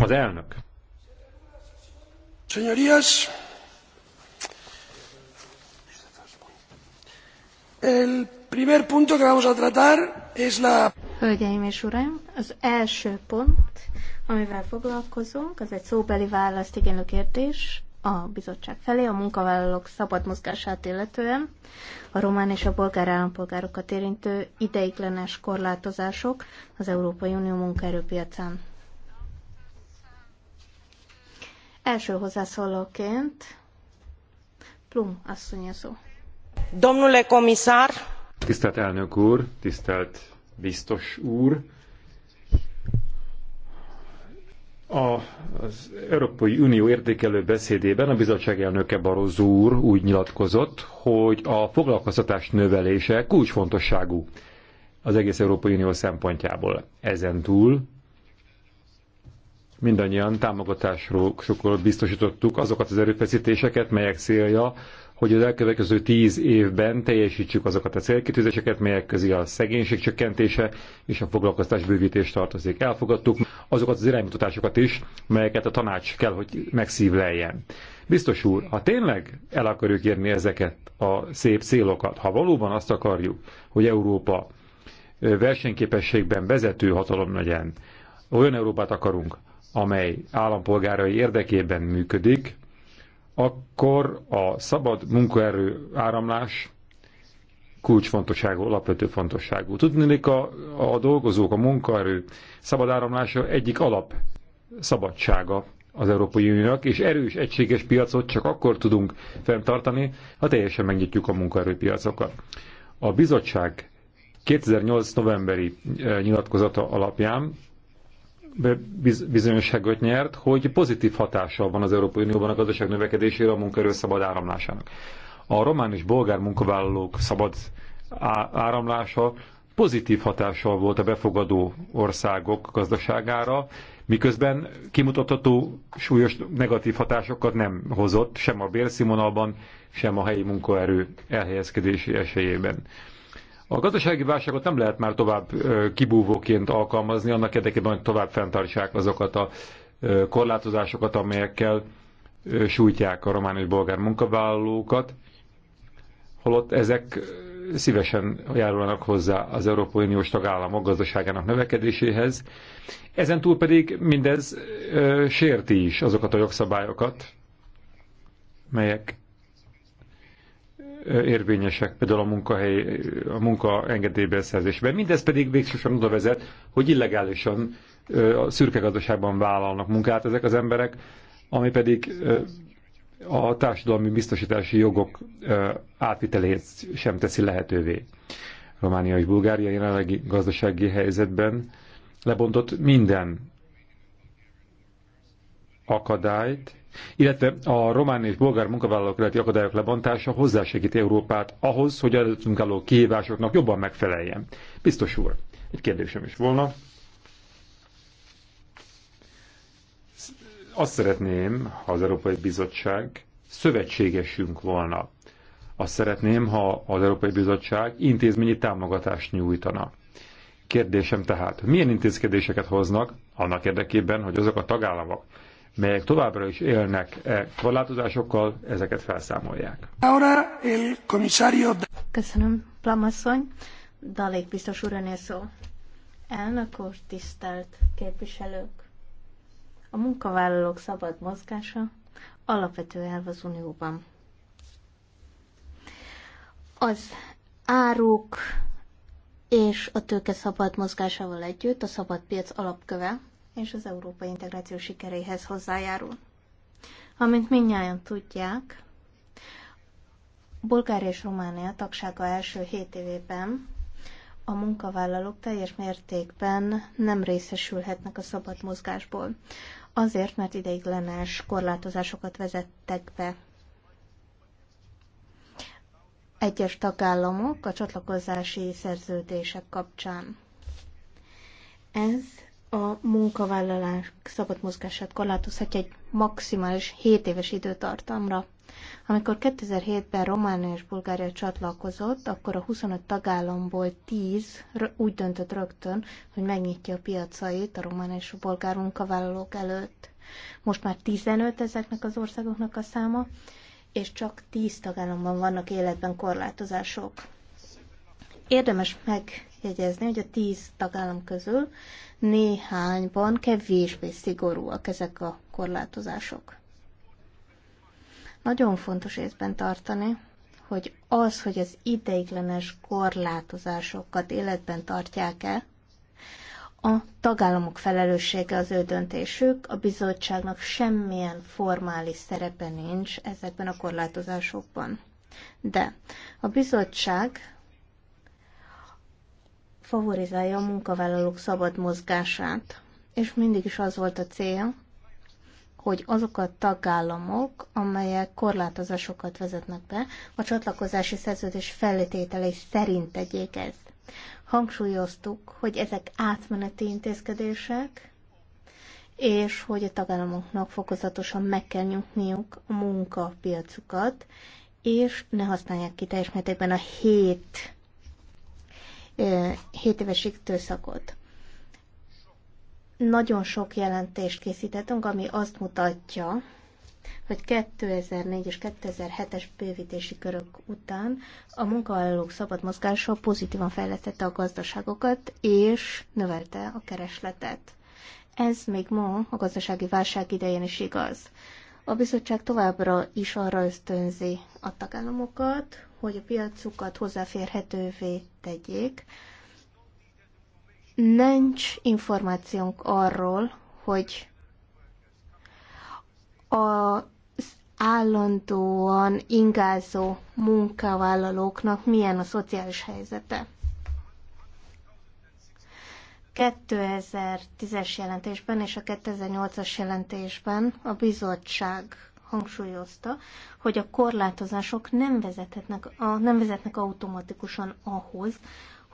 Az elnök. Señorías, el primer punto que vamos a tratar es la... Hölgyeim és uraim, az első pont, amivel foglalkozunk, az egy szóbeli választ igénylő kérdés a bizottság felé, a munkavállalók szabad mozgását illetően, a román és a bolgár állampolgárokat érintő ideiglenes korlátozások az Európai Unió munkaerőpiacán. Első hozzászólóként Plum asszonya szó. Domnule komisár! Tisztelt elnök úr, tisztelt biztos úr! A, az Európai Unió értékelő beszédében a bizottság elnöke Barozó úr úgy nyilatkozott, hogy a foglalkoztatás növelése kulcsfontosságú az egész Európai Unió szempontjából. Ezen túl mindannyian támogatásról sokkal biztosítottuk azokat az erőfeszítéseket, melyek célja, hogy az elkövetkező tíz évben teljesítsük azokat a célkitűzéseket, melyek közé a szegénység csökkentése és a foglalkoztás bővítés tartozik. Elfogadtuk azokat az iránymutatásokat is, melyeket a tanács kell, hogy megszívleljen. Biztos úr, ha tényleg el akarjuk érni ezeket a szép célokat, ha valóban azt akarjuk, hogy Európa versenyképességben vezető hatalom legyen, olyan Európát akarunk, amely állampolgárai érdekében működik, akkor a szabad munkaerő áramlás kulcsfontosságú, alapvető fontosságú. Tudnék, a, a dolgozók, a munkaerő szabad áramlása egyik alap szabadsága az Európai Uniónak, és erős, egységes piacot csak akkor tudunk fenntartani, ha teljesen megnyitjuk a munkaerőpiacokat. A bizottság 2008. novemberi eh, nyilatkozata alapján bizonyosságot nyert, hogy pozitív hatással van az Európai Unióban a gazdaság növekedésére a munkaerő szabad áramlásának. A román és bolgár munkavállalók szabad áramlása pozitív hatással volt a befogadó országok gazdaságára, miközben kimutatható súlyos negatív hatásokat nem hozott sem a bérszínvonalban, sem a helyi munkaerő elhelyezkedési esélyében. A gazdasági válságot nem lehet már tovább kibúvóként alkalmazni, annak érdekében, hogy tovább fenntartsák azokat a korlátozásokat, amelyekkel sújtják a román és bolgár munkavállalókat, holott ezek szívesen járulnak hozzá az Európai Uniós tagállamok gazdaságának növekedéséhez. Ezen túl pedig mindez sérti is azokat a jogszabályokat, melyek érvényesek, például a munkahely, a munkaengedély beszerzésben. Mindez pedig végsősorban oda vezet, hogy illegálisan a szürke gazdaságban vállalnak munkát ezek az emberek, ami pedig a társadalmi biztosítási jogok átvitelét sem teszi lehetővé. Románia és Bulgária jelenlegi gazdasági helyzetben lebontott minden akadályt, illetve a román és bolgár munkavállalók illeti akadályok lebontása hozzásegít Európát ahhoz, hogy előttünk álló kihívásoknak jobban megfeleljen. Biztos úr, egy kérdésem is volna. Azt szeretném, ha az Európai Bizottság szövetségesünk volna. Azt szeretném, ha az Európai Bizottság intézményi támogatást nyújtana. Kérdésem tehát, milyen intézkedéseket hoznak annak érdekében, hogy azok a tagállamok, melyek továbbra is élnek e korlátozásokkal, ezeket felszámolják. Köszönöm, Plamasszony. Dalék biztos úrönél szó. Elnök úr, tisztelt képviselők! A munkavállalók szabad mozgása alapvető elv az Unióban. Az áruk és a tőke szabad mozgásával együtt a szabad piac alapköve, és az európai integráció sikeréhez hozzájárul. Amint mindnyáján tudják, Bulgária és Románia tagsága első 7 évében a munkavállalók teljes mértékben nem részesülhetnek a szabad mozgásból, azért, mert ideiglenes korlátozásokat vezettek be. Egyes tagállamok a csatlakozási szerződések kapcsán. Ez a munkavállalás szabad mozgását korlátozhatja egy maximális 7 éves időtartamra. Amikor 2007-ben Románia és Bulgária csatlakozott, akkor a 25 tagállamból 10 úgy döntött rögtön, hogy megnyitja a piacait a román és a bolgár munkavállalók előtt. Most már 15 ezeknek az országoknak a száma, és csak 10 tagállamban vannak életben korlátozások. Érdemes meg megjegyezni, hogy a tíz tagállam közül néhányban kevésbé szigorúak ezek a korlátozások. Nagyon fontos észben tartani, hogy az, hogy az ideiglenes korlátozásokat életben tartják-e, a tagállamok felelőssége az ő döntésük, a bizottságnak semmilyen formális szerepe nincs ezekben a korlátozásokban. De a bizottság favorizálja a munkavállalók szabad mozgását. És mindig is az volt a cél, hogy azok a tagállamok, amelyek korlátozásokat vezetnek be, a csatlakozási szerződés feltételei szerint tegyék ezt. Hangsúlyoztuk, hogy ezek átmeneti intézkedések, és hogy a tagállamoknak fokozatosan meg kell nyugniuk a munkapiacukat, és ne használják ki teljes mértékben a hét 7 éves időszakot. Nagyon sok jelentést készítettünk, ami azt mutatja, hogy 2004 és 2007-es bővítési körök után a munkavállalók szabad mozgása pozitívan fejlesztette a gazdaságokat és növelte a keresletet. Ez még ma a gazdasági válság idején is igaz. A bizottság továbbra is arra ösztönzi a tagállamokat, hogy a piacukat hozzáférhetővé tegyék. Nincs információnk arról, hogy a állandóan ingázó munkavállalóknak milyen a szociális helyzete. 2010-es jelentésben és a 2008-as jelentésben a bizottság hangsúlyozta, hogy a korlátozások nem, vezethetnek, a, nem vezetnek automatikusan ahhoz,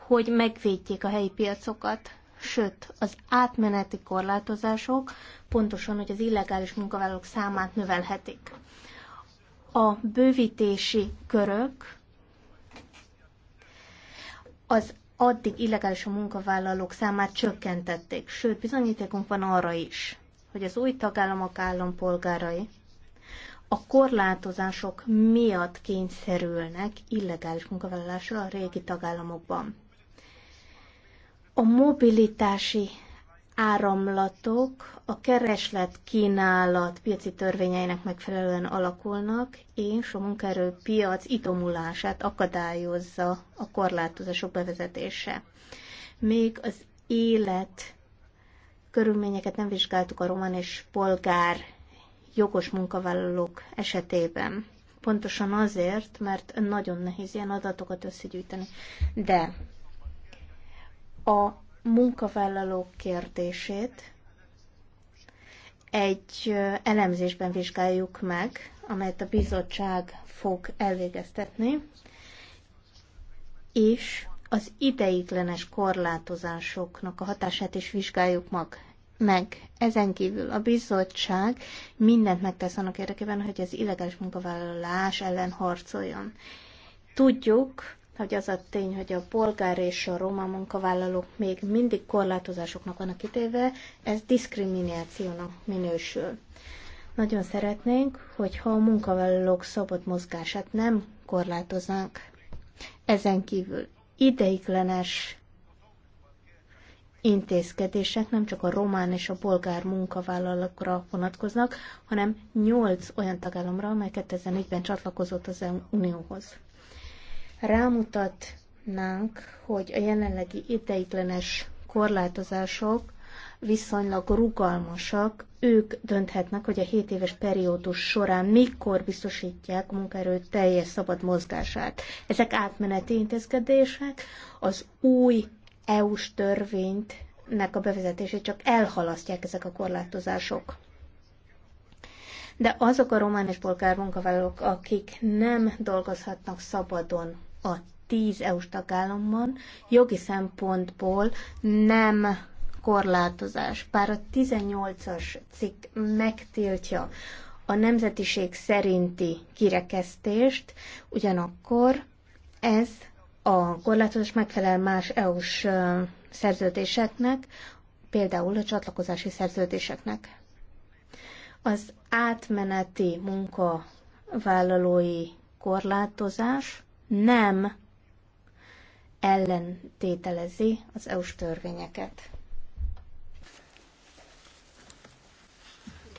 hogy megvédjék a helyi piacokat, sőt, az átmeneti korlátozások pontosan, hogy az illegális munkavállalók számát növelhetik. A bővítési körök az addig illegális a munkavállalók számát csökkentették. Sőt, bizonyítékunk van arra is, hogy az új tagállamok állampolgárai a korlátozások miatt kényszerülnek illegális munkavállalásra a régi tagállamokban. A mobilitási áramlatok a kereslet-kínálat piaci törvényeinek megfelelően alakulnak, és a piac itomulását akadályozza a korlátozások bevezetése. Még az élet körülményeket nem vizsgáltuk a román és polgár jogos munkavállalók esetében. Pontosan azért, mert nagyon nehéz ilyen adatokat összegyűjteni. De a munkavállalók kérdését egy elemzésben vizsgáljuk meg, amelyet a bizottság fog elvégeztetni, és az ideiglenes korlátozásoknak a hatását is vizsgáljuk meg. meg. Ezen kívül a bizottság mindent megtesz annak érdekében, hogy az illegális munkavállalás ellen harcoljon. Tudjuk, hogy az a tény, hogy a polgár és a roma munkavállalók még mindig korlátozásoknak vannak kitéve, ez diszkriminációnak minősül. Nagyon szeretnénk, hogyha a munkavállalók szabad mozgását nem korlátoznánk. Ezen kívül ideiglenes intézkedések nem csak a román és a bolgár munkavállalókra vonatkoznak, hanem nyolc olyan tagállamra, amely 2004-ben csatlakozott az Unióhoz rámutatnánk, hogy a jelenlegi ideiglenes korlátozások viszonylag rugalmasak, ők dönthetnek, hogy a 7 éves periódus során mikor biztosítják munkaerő teljes szabad mozgását. Ezek átmeneti intézkedések, az új EU-s törvénynek a bevezetését csak elhalasztják ezek a korlátozások. De azok a román és bolgár munkavállalók, akik nem dolgozhatnak szabadon, a tíz EU-s tagállamban jogi szempontból nem korlátozás. Bár a 18-as cikk megtiltja a nemzetiség szerinti kirekesztést, ugyanakkor ez a korlátozás megfelel más EU-s szerződéseknek, például a csatlakozási szerződéseknek. Az átmeneti munkavállalói korlátozás nem ellentételezi az EU-s törvényeket.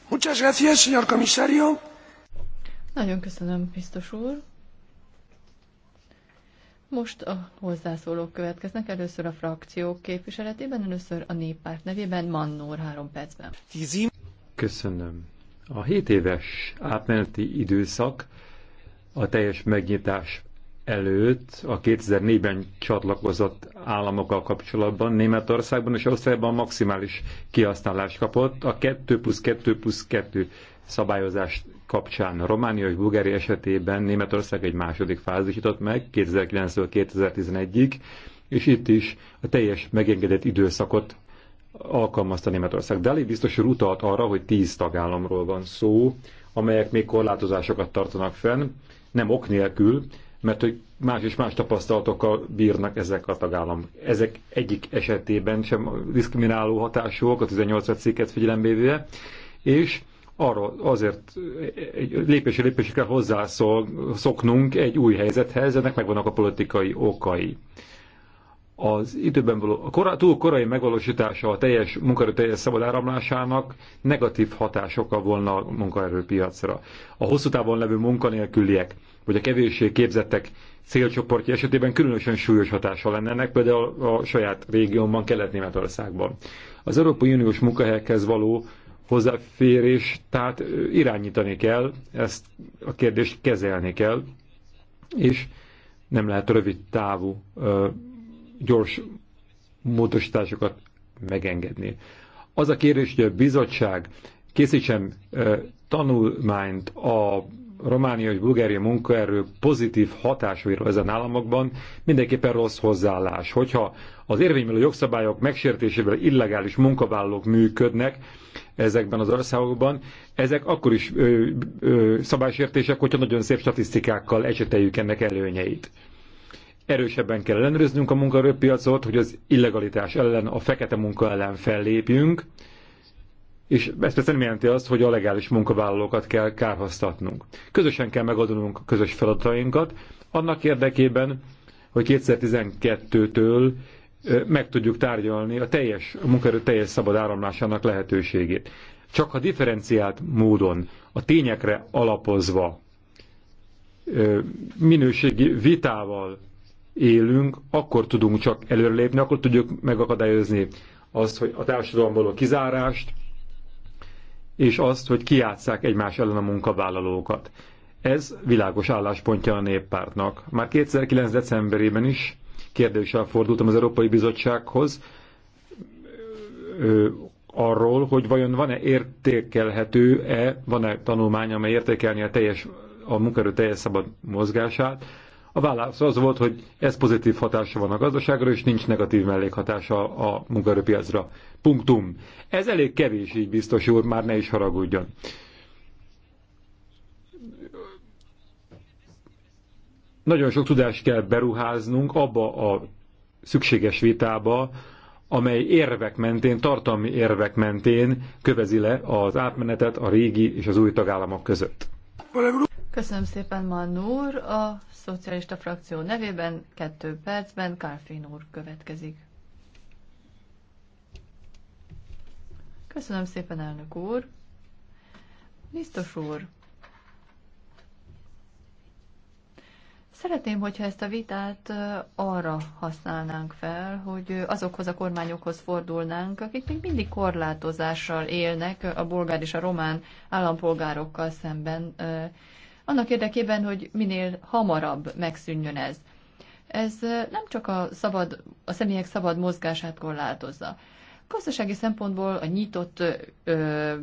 Muchas gracias, señor comisario. Nagyon köszönöm, biztos úr. Most a hozzászólók következnek, először a frakciók képviseletében, először a néppárt nevében, Mannor három percben. Köszönöm. A 7 éves átmeneti időszak a teljes megnyitás előtt a 2004-ben csatlakozott államokkal kapcsolatban Németországban és Ausztriában maximális kihasználást kapott a 2 plusz 2 plusz 2 szabályozás kapcsán. Románia és Bulgária esetében Németország egy második fázisított meg 2009-től 2011-ig, és itt is a teljes megengedett időszakot alkalmazta Németország. Dali biztos úr utalt arra, hogy 10 tagállamról van szó, amelyek még korlátozásokat tartanak fenn, nem ok nélkül, mert hogy más és más tapasztalatokkal bírnak ezek a tagállamok. Ezek egyik esetében sem diszkrimináló hatásúak a 18 cikket figyelembe véve, és arra azért lépési lépésekkel hozzászoknunk egy új helyzethez, ennek megvannak a politikai okai az időben való, a korá, túl korai megvalósítása a teljes munkaerő teljes szabad áramlásának negatív hatásokkal volna a munkaerőpiacra. A hosszú távon levő munkanélküliek, vagy a kevéssé képzettek célcsoportja esetében különösen súlyos hatása lenne ennek, például a saját régiómban, Kelet-Németországban. Az Európai Uniós munkahelyekhez való hozzáférés, tehát irányítani kell, ezt a kérdést kezelni kell, és nem lehet rövid távú gyors módosításokat megengedni. Az a kérdés, hogy a bizottság készítsen tanulmányt a Románia és Bulgária munkaerő pozitív hatásairól ezen államokban mindenképpen rossz hozzáállás. Hogyha az érvényben jogszabályok megsértésével illegális munkavállalók működnek ezekben az országokban, ezek akkor is ö, ö, szabálysértések, hogyha nagyon szép statisztikákkal eseteljük ennek előnyeit erősebben kell ellenőriznünk a munkaerőpiacot, hogy az illegalitás ellen, a fekete munka ellen fellépjünk, és ez persze nem jelenti azt, hogy a legális munkavállalókat kell kárhoztatnunk. Közösen kell megadnunk a közös feladatainkat, annak érdekében, hogy 2012-től meg tudjuk tárgyalni a teljes a munkaerő teljes szabad áramlásának lehetőségét. Csak ha differenciált módon, a tényekre alapozva, minőségi vitával élünk, akkor tudunk csak előrelépni, akkor tudjuk megakadályozni azt, hogy a társadalomból a kizárást, és azt, hogy kiátszák egymás ellen a munkavállalókat. Ez világos álláspontja a néppártnak. Már 2009. decemberében is kérdéssel fordultam az Európai Bizottsághoz ö, arról, hogy vajon van-e értékelhető-e, van-e tanulmány, amely értékelni a teljes a munkaerő teljes szabad mozgását, a válasz az volt, hogy ez pozitív hatása van a gazdaságra, és nincs negatív mellékhatása a munkaerőpiacra. Punktum. Ez elég kevés, így biztos úr, már ne is haragudjon. Nagyon sok tudást kell beruháznunk abba a szükséges vitába, amely érvek mentén, tartalmi érvek mentén kövezi le az átmenetet a régi és az új tagállamok között. Köszönöm szépen, Manur, A szocialista frakció nevében kettő percben Kárfin úr következik. Köszönöm szépen, elnök úr. Biztos úr, Szeretném, hogyha ezt a vitát arra használnánk fel, hogy azokhoz a kormányokhoz fordulnánk, akik még mindig korlátozással élnek a bolgár és a román állampolgárokkal szemben annak érdekében, hogy minél hamarabb megszűnjön ez. Ez nem csak a, szabad, a személyek szabad mozgását korlátozza. Gazdasági szempontból a nyitott ö,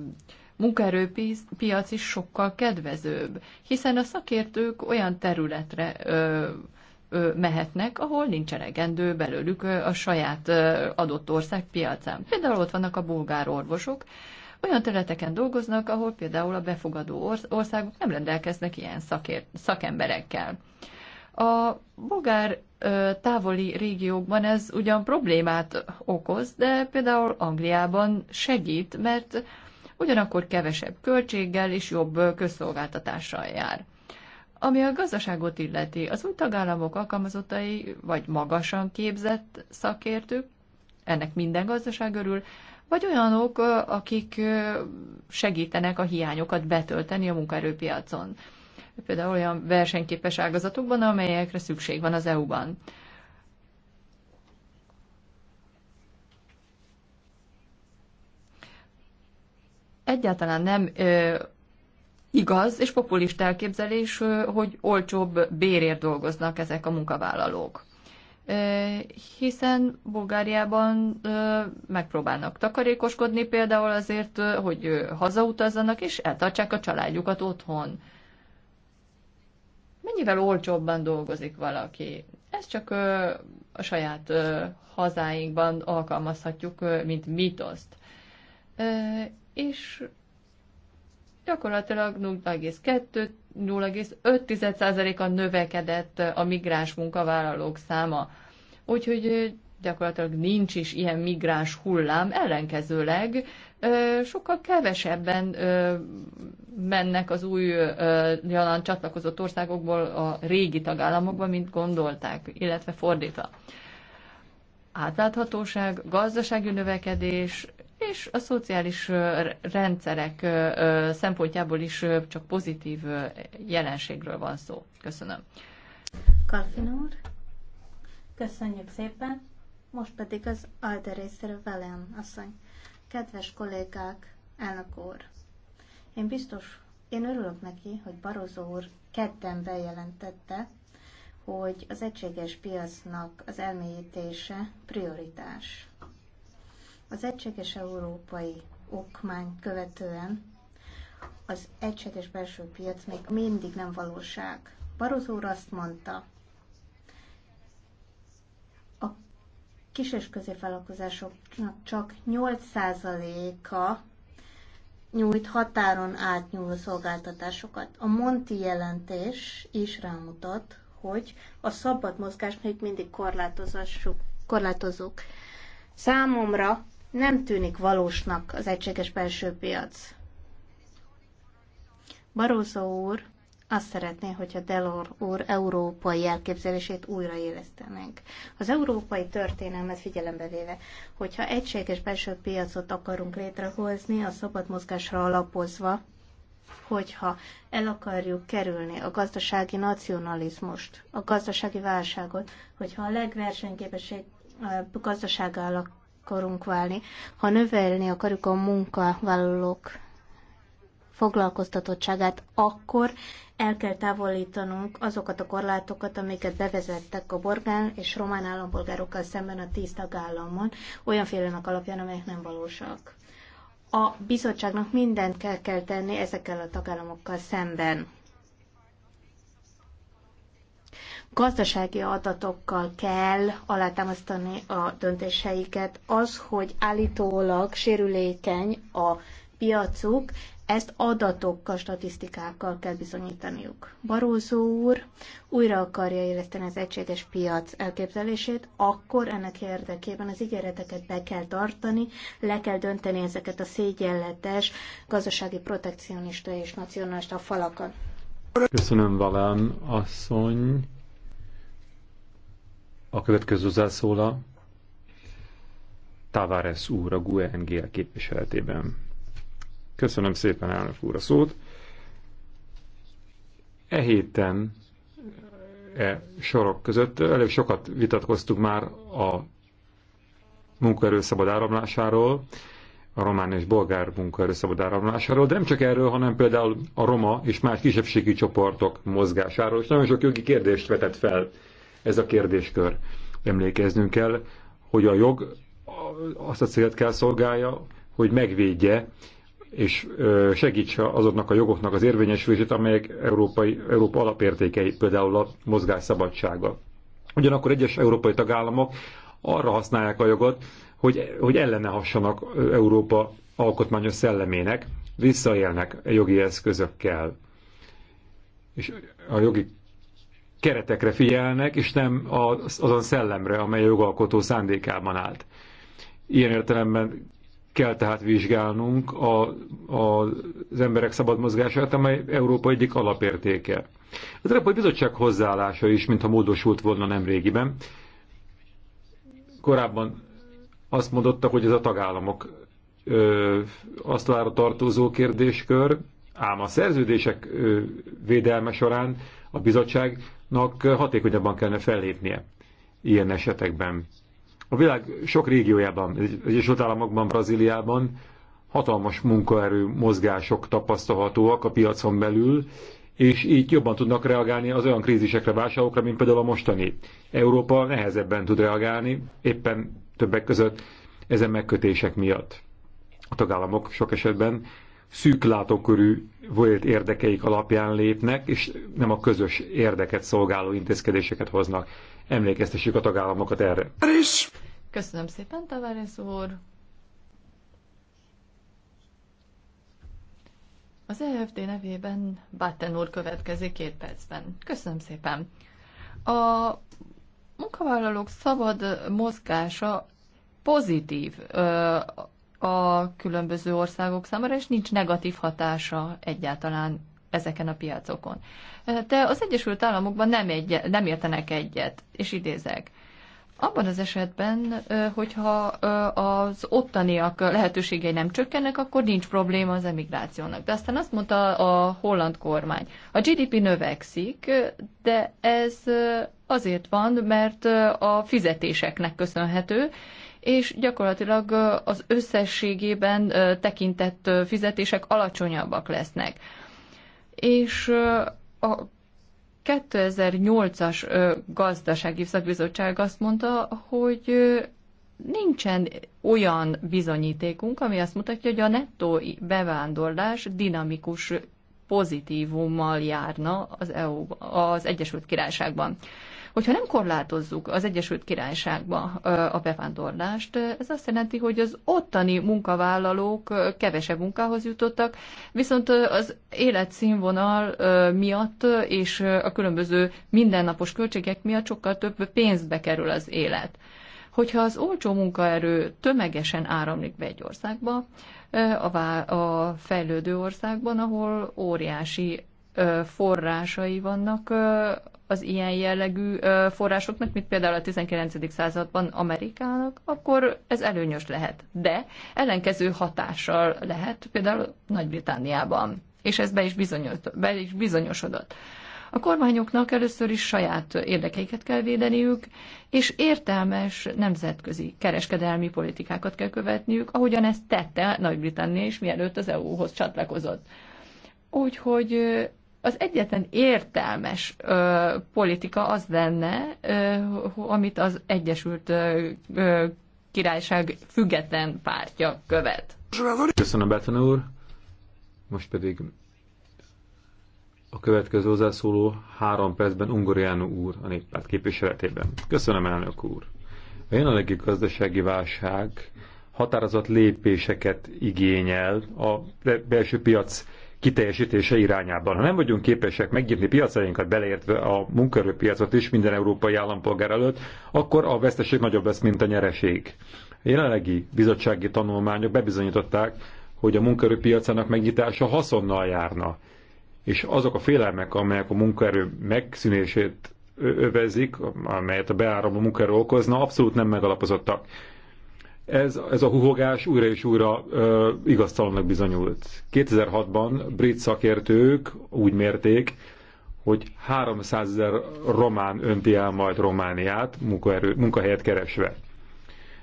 munkaerőpiac is sokkal kedvezőbb, hiszen a szakértők olyan területre ö, ö, mehetnek, ahol nincs elegendő belőlük a saját ö, adott ország piacán. Például ott vannak a bulgár orvosok, olyan területeken dolgoznak, ahol például a befogadó országok nem rendelkeznek ilyen szakért, szakemberekkel. A bogár távoli régiókban ez ugyan problémát okoz, de például Angliában segít, mert ugyanakkor kevesebb költséggel és jobb közszolgáltatással jár. Ami a gazdaságot illeti, az új tagállamok alkalmazottai vagy magasan képzett szakértők, ennek minden gazdaság örül, vagy olyanok, akik segítenek a hiányokat betölteni a munkaerőpiacon. Például olyan versenyképes ágazatokban, amelyekre szükség van az EU-ban. Egyáltalán nem ö, igaz és populista elképzelés, ö, hogy olcsóbb bérért dolgoznak ezek a munkavállalók hiszen Bulgáriában megpróbálnak takarékoskodni például azért, hogy hazautazzanak és eltartsák a családjukat otthon. Mennyivel olcsóbban dolgozik valaki? Ez csak a saját hazáinkban alkalmazhatjuk, mint mitoszt. És gyakorlatilag 0,2 0,5%-a növekedett a migráns munkavállalók száma. Úgyhogy gyakorlatilag nincs is ilyen migráns hullám, ellenkezőleg sokkal kevesebben mennek az új újonnan csatlakozott országokból a régi tagállamokba, mint gondolták, illetve fordítva. Átláthatóság, gazdasági növekedés és a szociális rendszerek szempontjából is csak pozitív jelenségről van szó. Köszönöm. Kalfin úr, köszönjük szépen. Most pedig az Alde részéről velem, asszony. Kedves kollégák, elnök úr, én biztos, én örülök neki, hogy Barozó úr kedden bejelentette, hogy az egységes piacnak az elmélyítése prioritás. Az egységes európai okmány követően az egységes belső piac még mindig nem valóság. Barozó úr azt mondta, a kis és középvállalkozásoknak csak 8%-a nyújt határon átnyúló szolgáltatásokat. A Monti jelentés is rámutat, hogy a szabad mozgást még mindig korlátozók. Számomra nem tűnik valósnak az egységes belső piac. Barózó úr azt szeretné, hogyha Delor úr európai elképzelését újraélesztenénk. Az európai történelmet figyelembe véve, hogyha egységes belső piacot akarunk létrehozni, a szabad mozgásra alapozva, hogyha el akarjuk kerülni a gazdasági nacionalizmust, a gazdasági válságot, hogyha a legversenyképesség a gazdaságának akarunk válni, ha növelni akarjuk a munkavállalók foglalkoztatottságát, akkor el kell távolítanunk azokat a korlátokat, amiket bevezettek a borgán és román állampolgárokkal szemben a tíz tagállamon, olyan félelmek alapján, amelyek nem valósak. A bizottságnak mindent kell, kell tenni ezekkel a tagállamokkal szemben. gazdasági adatokkal kell alátámasztani a döntéseiket. Az, hogy állítólag sérülékeny a piacuk, ezt adatokkal, statisztikákkal kell bizonyítaniuk. Barózó úr újra akarja éleszteni az egységes piac elképzelését, akkor ennek érdekében az ígéreteket be kell tartani, le kell dönteni ezeket a szégyenletes gazdasági protekcionista és nacionalista falakat. Köszönöm, velem, asszony. A következő zászóla Tavares úr a GUNGL képviseletében. Köszönöm szépen, elnök úr, a szót. E héten e sorok között elég sokat vitatkoztuk már a munkaerő szabad áramlásáról, a román és bolgár munkaerő szabad áramlásáról, de nem csak erről, hanem például a roma és más kisebbségi csoportok mozgásáról, és nagyon sok jogi kérdést vetett fel ez a kérdéskör. Emlékeznünk kell, hogy a jog azt a célt kell szolgálja, hogy megvédje és segítse azoknak a jogoknak az érvényesülését, amelyek európai, Európa alapértékei, például a mozgásszabadsága. Ugyanakkor egyes európai tagállamok arra használják a jogot, hogy, hogy ellene hassanak Európa alkotmányos szellemének, visszaélnek jogi eszközökkel. És a jogi keretekre figyelnek, és nem az, azon szellemre, amely a jogalkotó szándékában állt. Ilyen értelemben kell tehát vizsgálnunk a, a, az emberek szabad mozgását, amely Európa egyik alapértéke. Az Európai Bizottság hozzáállása is, mintha módosult volna nemrégiben. Korábban azt mondottak, hogy ez a tagállamok ö, asztalára tartozó kérdéskör, ám a szerződések ö, védelme során a bizottságnak hatékonyabban kellene fellépnie ilyen esetekben. A világ sok régiójában, az Egyesült Államokban, Brazíliában hatalmas munkaerő mozgások tapasztalhatóak a piacon belül, és így jobban tudnak reagálni az olyan krízisekre, válságokra, mint például a mostani. Európa nehezebben tud reagálni, éppen többek között ezen megkötések miatt. A tagállamok sok esetben szűk látókörű volt érdekeik alapján lépnek, és nem a közös érdeket szolgáló intézkedéseket hoznak. Emlékeztessük a tagállamokat erre. Köszönöm szépen, Tavares úr! Az EFD nevében Batten úr következik két percben. Köszönöm szépen. A munkavállalók szabad mozgása pozitív a különböző országok számára, és nincs negatív hatása egyáltalán ezeken a piacokon. De az Egyesült Államokban nem, egy, nem értenek egyet, és idézek. Abban az esetben, hogyha az ottaniak lehetőségei nem csökkennek, akkor nincs probléma az emigrációnak. De aztán azt mondta a holland kormány, a GDP növekszik, de ez azért van, mert a fizetéseknek köszönhető, és gyakorlatilag az összességében tekintett fizetések alacsonyabbak lesznek. És a 2008-as gazdasági szakbizottság azt mondta, hogy nincsen olyan bizonyítékunk, ami azt mutatja, hogy a nettó bevándorlás dinamikus pozitívummal járna az, EU, az Egyesült Királyságban. Hogyha nem korlátozzuk az Egyesült Királyságba a bevándorlást, ez azt jelenti, hogy az ottani munkavállalók kevesebb munkához jutottak, viszont az életszínvonal miatt és a különböző mindennapos költségek miatt sokkal több pénzbe kerül az élet hogyha az olcsó munkaerő tömegesen áramlik be egy országba, a, a fejlődő országban, ahol óriási forrásai vannak az ilyen jellegű forrásoknak, mint például a 19. században Amerikának, akkor ez előnyös lehet. De ellenkező hatással lehet például Nagy-Britániában. És ez be is, be is bizonyosodott. A kormányoknak először is saját érdekeiket kell védeniük, és értelmes nemzetközi kereskedelmi politikákat kell követniük, ahogyan ezt tette Nagy-Britannia is, mielőtt az EU-hoz csatlakozott. Úgyhogy az egyetlen értelmes ö, politika az lenne, ö, amit az Egyesült ö, ö, Királyság független pártja követ. Köszönöm, Betlen úr. Most pedig a következő hozzászóló három percben Ungoriánu úr a néppárt képviseletében. Köszönöm, elnök úr. A jelenlegi gazdasági válság határozott lépéseket igényel a belső piac kiteljesítése irányában. Ha nem vagyunk képesek megnyitni piacainkat, beleértve a munkaerőpiacot is minden európai állampolgár előtt, akkor a veszteség nagyobb lesz, mint a nyereség. A jelenlegi bizottsági tanulmányok bebizonyították, hogy a munkaerőpiacának megnyitása haszonnal járna. És azok a félelmek, amelyek a munkaerő megszűnését övezik, amelyet a beáramló munkaerő okozna, abszolút nem megalapozottak ez, ez a huhogás újra és újra ö, igaztalannak bizonyult. 2006-ban brit szakértők úgy mérték, hogy 300 ezer román önti el majd Romániát munkaerő, munkahelyet keresve.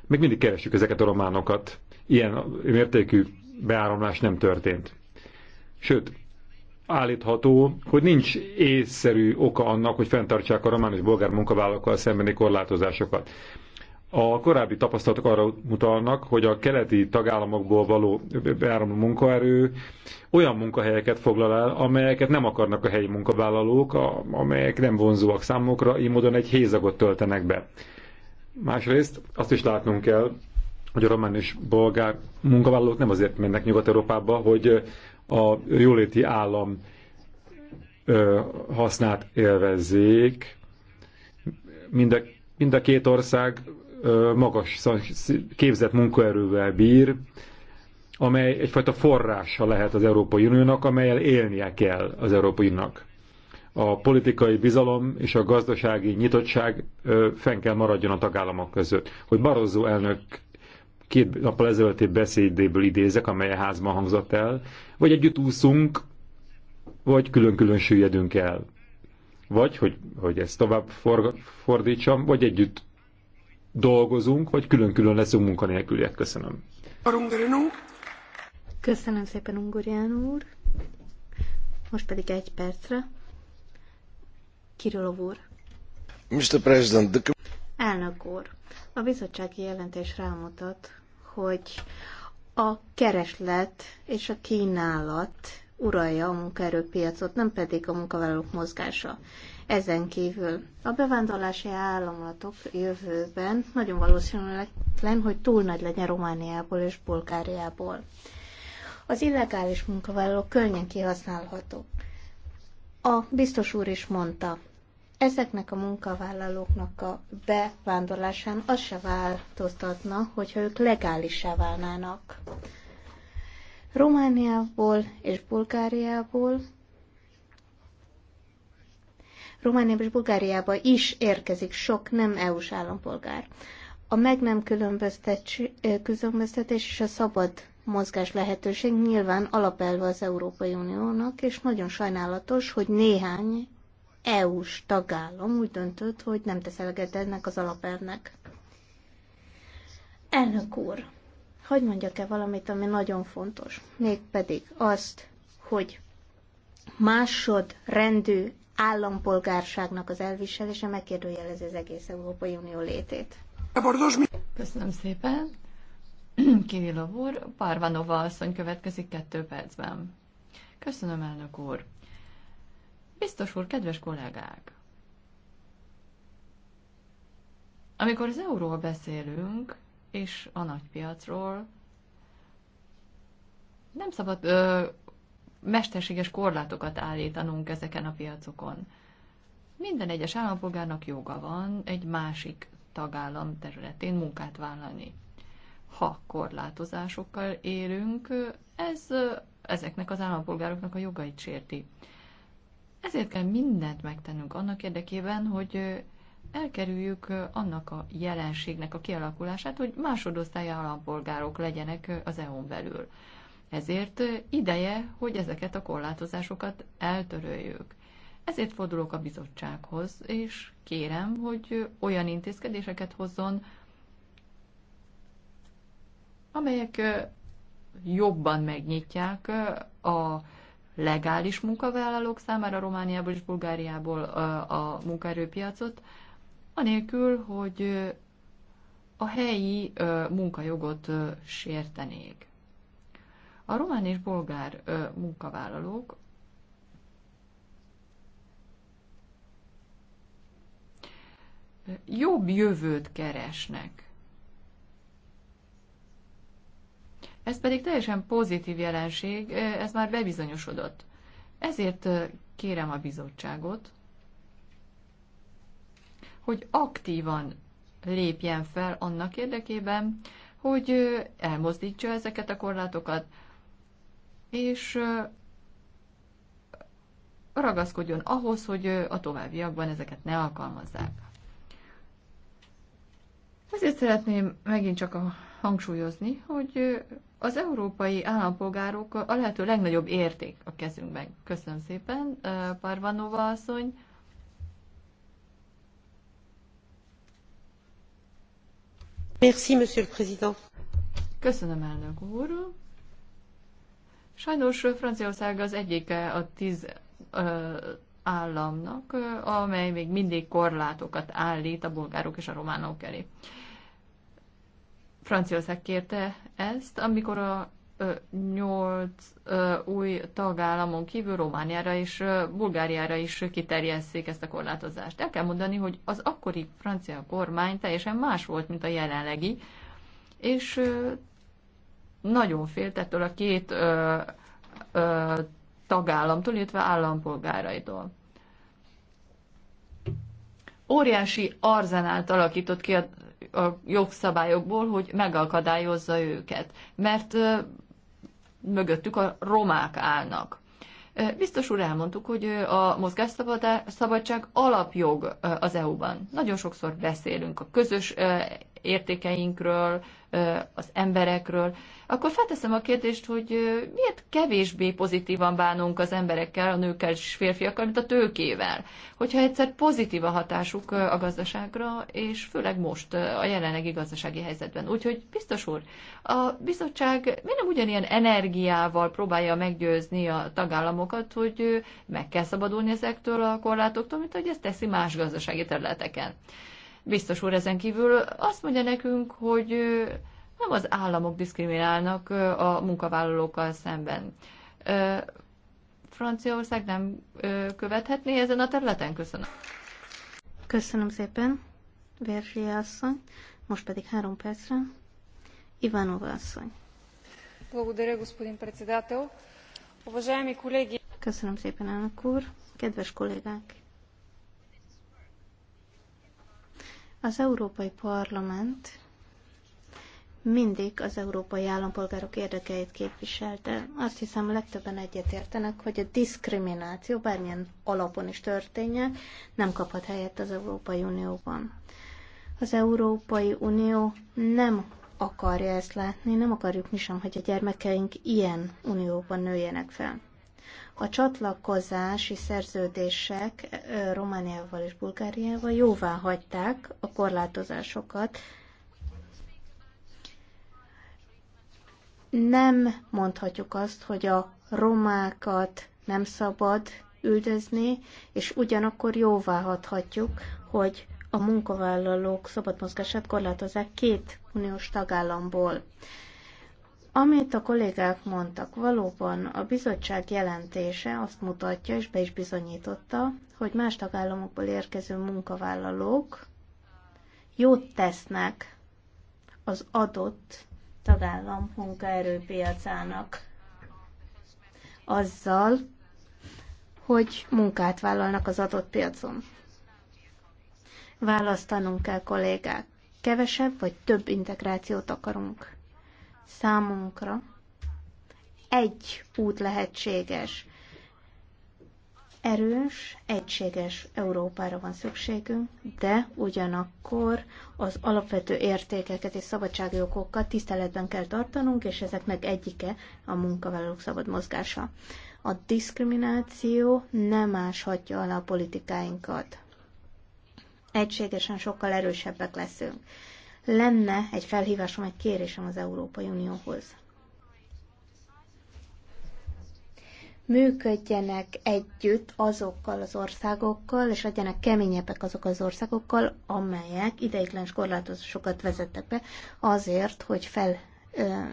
Még mindig keresjük ezeket a románokat. Ilyen mértékű beáramlás nem történt. Sőt, állítható, hogy nincs észszerű oka annak, hogy fenntartsák a román és bolgár munkavállalókkal szembeni korlátozásokat. A korábbi tapasztalatok arra mutalnak, hogy a keleti tagállamokból való beáramló munkaerő olyan munkahelyeket foglal el, amelyeket nem akarnak a helyi munkavállalók, amelyek nem vonzóak számukra, így módon egy hézagot töltenek be. Másrészt azt is látnunk kell, hogy a román és bolgár munkavállalók nem azért mennek Nyugat-Európába, hogy a jóléti állam hasznát élvezzék. Mind a, mind a két ország magas képzett munkaerővel bír, amely egyfajta forrása lehet az Európai Uniónak, amelyel élnie kell az Európai Uniónak. A politikai bizalom és a gazdasági nyitottság fenn kell maradjon a tagállamok között. Hogy Barozó elnök két nappal ezelőtti beszédéből idézek, amely a házban hangzott el, vagy együtt úszunk, vagy külön-külön süllyedünk el. Vagy, hogy, hogy ezt tovább for, fordítsam, vagy együtt dolgozunk, vagy külön-külön leszünk munkanélküliek. Köszönöm. Köszönöm szépen, Ungorián úr. Most pedig egy percre. Kirillov úr. Mr. President, the... Elnök úr, a bizottsági jelentés rámutat, hogy a kereslet és a kínálat uralja a munkaerőpiacot, nem pedig a munkavállalók mozgása. Ezen kívül a bevándorlási államotok jövőben nagyon valószínűleg, hogy túl nagy legyen Romániából és Bulgáriából. Az illegális munkavállalók könnyen kihasználhatók. A biztos úr is mondta, ezeknek a munkavállalóknak a bevándorlásán az se változtatna, hogyha ők legálisá válnának. Romániából és Bulgáriából Romániába és Bulgáriába is érkezik sok nem EU-s állampolgár. A meg nem különböztetés és a szabad mozgás lehetőség nyilván alapelve az Európai Uniónak, és nagyon sajnálatos, hogy néhány EU-s tagállam úgy döntött, hogy nem tesz eleget ennek az alapelvnek. Elnök úr, hogy mondjak-e valamit, ami nagyon fontos, mégpedig azt, hogy másodrendű állampolgárságnak az elviselése megkérdőjelezi az egész Európai Unió létét. Köszönöm szépen. Kirillov úr, Parvanova asszony következik kettő percben. Köszönöm, elnök úr. Biztos úr, kedves kollégák! Amikor az euróról beszélünk, és a nagypiacról, nem szabad ö, mesterséges korlátokat állítanunk ezeken a piacokon. Minden egyes állampolgárnak joga van egy másik tagállam területén munkát vállalni. Ha korlátozásokkal élünk, ez ezeknek az állampolgároknak a jogait sérti. Ezért kell mindent megtennünk annak érdekében, hogy elkerüljük annak a jelenségnek a kialakulását, hogy másodosztály állampolgárok legyenek az EU-n belül. Ezért ideje, hogy ezeket a korlátozásokat eltöröljük. Ezért fordulok a bizottsághoz, és kérem, hogy olyan intézkedéseket hozzon, amelyek jobban megnyitják a legális munkavállalók számára Romániából és Bulgáriából a munkaerőpiacot, anélkül, hogy a helyi munkajogot sértenék. A román és bolgár munkavállalók jobb jövőt keresnek. Ez pedig teljesen pozitív jelenség, ez már bebizonyosodott. Ezért kérem a bizottságot, hogy aktívan lépjen fel annak érdekében, hogy elmozdítsa ezeket a korlátokat, és ragaszkodjon ahhoz, hogy a továbbiakban ezeket ne alkalmazzák. Ezért szeretném megint csak a hangsúlyozni, hogy az európai állampolgárok a lehető legnagyobb érték a kezünkben. Köszönöm szépen, Parvanova asszony. Merci, Monsieur le Président. Köszönöm, elnök úr. Sajnos Franciaország az egyike eh, a tíz eh, államnak, eh, amely még mindig korlátokat állít a bulgárok és a románok elé. Franciaország kérte ezt, amikor a nyolc új tagállamon kívül Romániára és Bulgáriára is kiterjesszék ezt a korlátozást. El kell mondani, hogy az akkori francia kormány teljesen más volt, mint a jelenlegi, és nagyon félt ettől a két ö, ö, tagállamtól, illetve állampolgáraitól. Óriási arzenált alakított ki a, a jogszabályokból, hogy megakadályozza őket, mert ö, mögöttük a romák állnak. Biztos úr elmondtuk, hogy a mozgásszabadság alapjog az EU-ban. Nagyon sokszor beszélünk a közös értékeinkről, az emberekről, akkor felteszem a kérdést, hogy miért kevésbé pozitívan bánunk az emberekkel, a nőkkel és férfiakkal, mint a tőkével. Hogyha egyszer pozitív a hatásuk a gazdaságra, és főleg most a jelenlegi gazdasági helyzetben. Úgyhogy biztos úr, a bizottság miért nem ugyanilyen energiával próbálja meggyőzni a tagállamokat, hogy meg kell szabadulni ezektől a korlátoktól, mint hogy ezt teszi más gazdasági területeken biztos úr ezen kívül azt mondja nekünk, hogy nem az államok diszkriminálnak a munkavállalókkal szemben. Franciaország nem követhetné ezen a területen? Köszönöm. Köszönöm szépen, Vérfi asszony. Most pedig három percre, Ivanova asszony. Köszönöm szépen, elnök úr! Kedves kollégák! Az Európai Parlament mindig az európai állampolgárok érdekeit képviselte. Azt hiszem, legtöbben egyetértenek, hogy a diszkrimináció bármilyen alapon is történjen, nem kaphat helyet az Európai Unióban. Az Európai Unió nem akarja ezt látni, nem akarjuk mi sem, hogy a gyermekeink ilyen unióban nőjenek fel a csatlakozási szerződések Romániával és Bulgáriával jóvá hagyták a korlátozásokat. Nem mondhatjuk azt, hogy a romákat nem szabad üldözni, és ugyanakkor jóvá hathatjuk, hogy a munkavállalók szabad mozgását korlátozzák két uniós tagállamból. Amit a kollégák mondtak, valóban a bizottság jelentése azt mutatja, és be is bizonyította, hogy más tagállamokból érkező munkavállalók jót tesznek az adott tagállam munkaerőpiacának azzal, hogy munkát vállalnak az adott piacon. Választanunk kell, kollégák. Kevesebb vagy több integrációt akarunk? számunkra egy út lehetséges. Erős, egységes Európára van szükségünk, de ugyanakkor az alapvető értékeket és szabadságjogokat tiszteletben kell tartanunk, és ezeknek egyike a munkavállalók szabad mozgása. A diszkrimináció nem áshatja alá a politikáinkat. Egységesen sokkal erősebbek leszünk lenne egy felhívásom, egy kérésem az Európai Unióhoz. Működjenek együtt azokkal az országokkal, és legyenek keményebbek azok az országokkal, amelyek ideiglenes korlátozásokat vezettek be, azért, hogy fel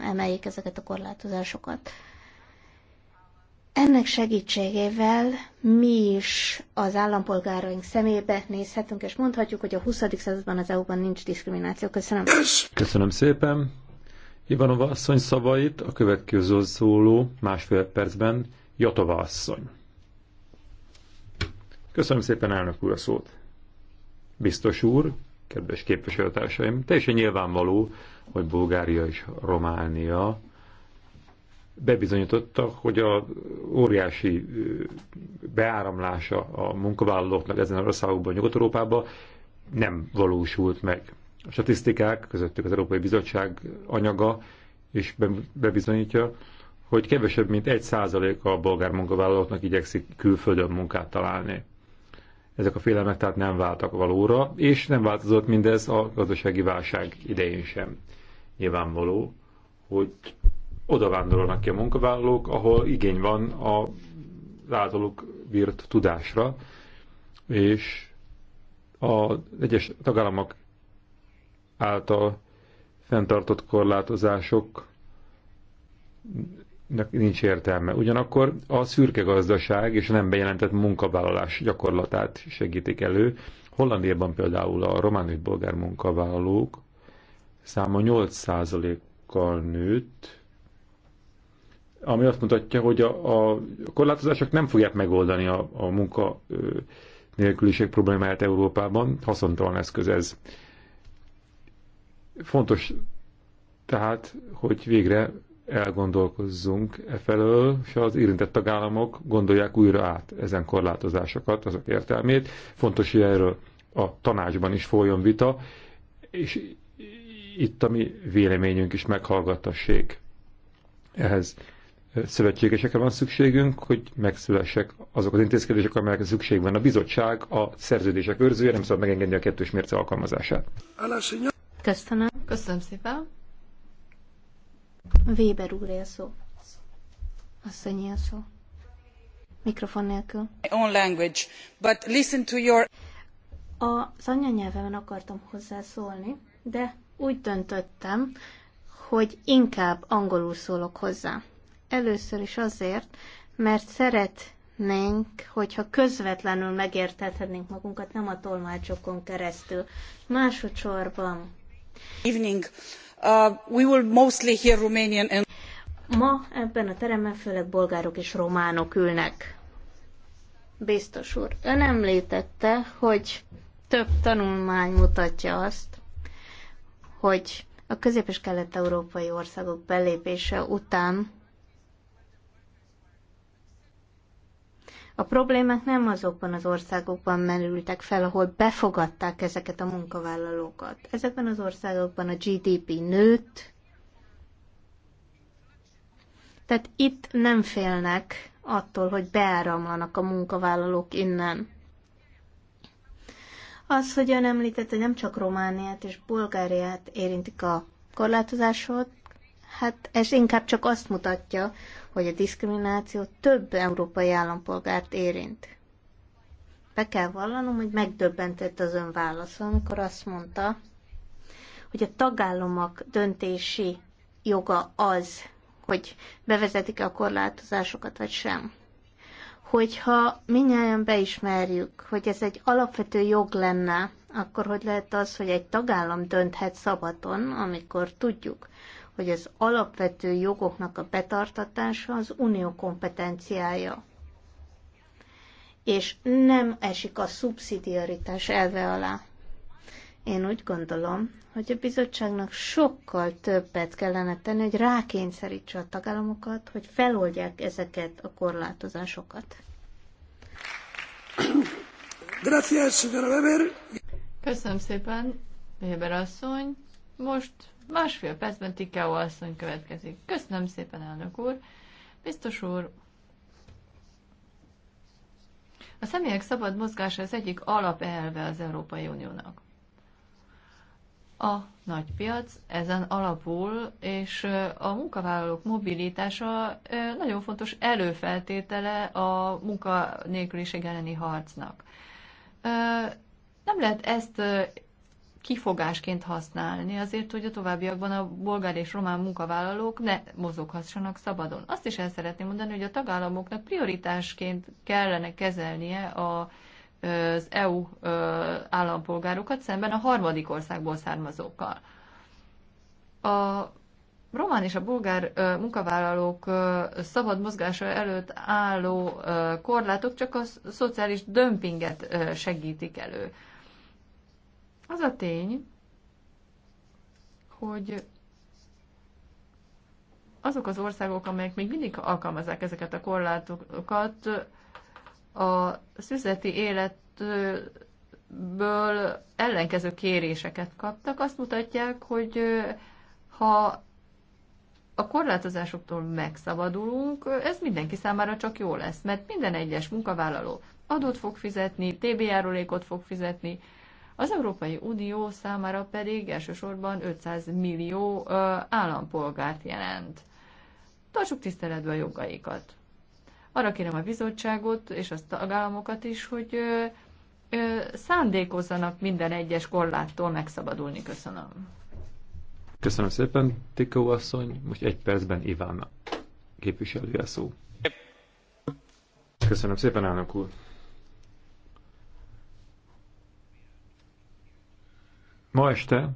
emeljék ezeket a korlátozásokat. Ennek segítségével mi is az állampolgáraink szemébe nézhetünk, és mondhatjuk, hogy a 20. században az EU-ban nincs diszkrimináció. Köszönöm. Köszönöm szépen. Ivanova asszony szavait a következő szóló másfél percben Jatova asszony. Köszönöm szépen, elnök úr, a szót. Biztos úr, kedves képviselőtársaim, teljesen nyilvánvaló, hogy Bulgária és Románia bebizonyította, hogy a óriási beáramlása a munkavállalóknak ezen az országokban, Nyugat-Európában nem valósult meg. A statisztikák, közöttük az Európai Bizottság anyaga is bebizonyítja, hogy kevesebb, mint egy százalék a bolgár munkavállalóknak igyekszik külföldön munkát találni. Ezek a félelmek tehát nem váltak valóra, és nem változott mindez a gazdasági válság idején sem. Nyilvánvaló, hogy oda vándorolnak ki a munkavállalók, ahol igény van a általuk bírt tudásra, és az egyes tagállamok által fenntartott korlátozások nincs értelme. Ugyanakkor a szürke gazdaság és a nem bejelentett munkavállalás gyakorlatát segítik elő. Hollandiában például a román és bolgár munkavállalók száma 8%-kal nőtt ami azt mutatja, hogy a, a korlátozások nem fogják megoldani a, a munka nélküliség problémáját Európában, haszontalan eszköz ez. Fontos tehát, hogy végre elgondolkozzunk e felől, és az érintett tagállamok gondolják újra át ezen korlátozásokat, azok értelmét. Fontos, hogy erről a tanácsban is folyjon vita, és itt a mi véleményünk is meghallgattassék Ehhez szövetségesekre van szükségünk, hogy megszülessek azok az intézkedések, amelyekre szükség van. A bizottság a szerződések őrzője, nem szabad megengedni a kettős mérce alkalmazását. Köszönöm. Köszönöm szépen. Weber úr él szó. Asszony él szó. Mikrofon nélkül. Own language, but listen to your... Az anyanyelvemen akartam hozzászólni, de úgy döntöttem, hogy inkább angolul szólok hozzá. Először is azért, mert szeretnénk, hogyha közvetlenül megértethetnénk magunkat, nem a tolmácsokon keresztül. Másodszorban. Evening. Uh, we will mostly hear Romanian and... Ma ebben a teremben főleg bolgárok és románok ülnek. Biztos úr, ön említette, hogy több tanulmány mutatja azt, hogy a közép- és kelet-európai országok belépése után A problémák nem azokban az országokban merültek fel, ahol befogadták ezeket a munkavállalókat. Ezekben az országokban a GDP nőtt, tehát itt nem félnek attól, hogy beáramlanak a munkavállalók innen. Az, hogy ön említette, nem csak Romániát és Bulgáriát érintik a korlátozások, hát ez inkább csak azt mutatja, hogy a diszkrimináció több európai állampolgárt érint. Be kell vallanom, hogy megdöbbentett az ön válasza, amikor azt mondta, hogy a tagállamok döntési joga az, hogy bevezetik-e a korlátozásokat, vagy sem. Hogyha minnyáján beismerjük, hogy ez egy alapvető jog lenne, akkor hogy lehet az, hogy egy tagállam dönthet szabaton, amikor tudjuk, hogy az alapvető jogoknak a betartatása az unió kompetenciája, és nem esik a szubszidiaritás elve alá. Én úgy gondolom, hogy a bizottságnak sokkal többet kellene tenni, hogy rákényszerítse a tagállamokat, hogy feloldják ezeket a korlátozásokat. Köszönöm szépen, Weber asszony. Most Másfél percben Tikeo asszony következik. Köszönöm szépen, elnök úr. Biztos úr, a személyek szabad mozgása az egyik alapelve az Európai Uniónak. A nagy piac ezen alapul, és a munkavállalók mobilitása nagyon fontos előfeltétele a munkanélküliség elleni harcnak. Nem lehet ezt kifogásként használni, azért, hogy a továbbiakban a bolgár és román munkavállalók ne mozoghassanak szabadon. Azt is el szeretném mondani, hogy a tagállamoknak prioritásként kellene kezelnie a, az EU állampolgárokat szemben a harmadik országból származókkal. A román és a bulgár munkavállalók szabad mozgása előtt álló korlátok csak a szociális dömpinget segítik elő az a tény, hogy azok az országok, amelyek még mindig alkalmazzák ezeket a korlátokat, a szüzeti életből ellenkező kéréseket kaptak, azt mutatják, hogy ha a korlátozásoktól megszabadulunk, ez mindenki számára csak jó lesz, mert minden egyes munkavállaló adót fog fizetni, TB járulékot fog fizetni, az Európai Unió számára pedig elsősorban 500 millió állampolgárt jelent. Tartsuk tiszteletbe a jogaikat. Arra kérem a bizottságot és a tagállamokat is, hogy szándékozzanak minden egyes korláttól megszabadulni. Köszönöm. Köszönöm szépen, Tikó asszony. Most egy percben Iván képviselője szó. Köszönöm szépen, elnök úr. Ma este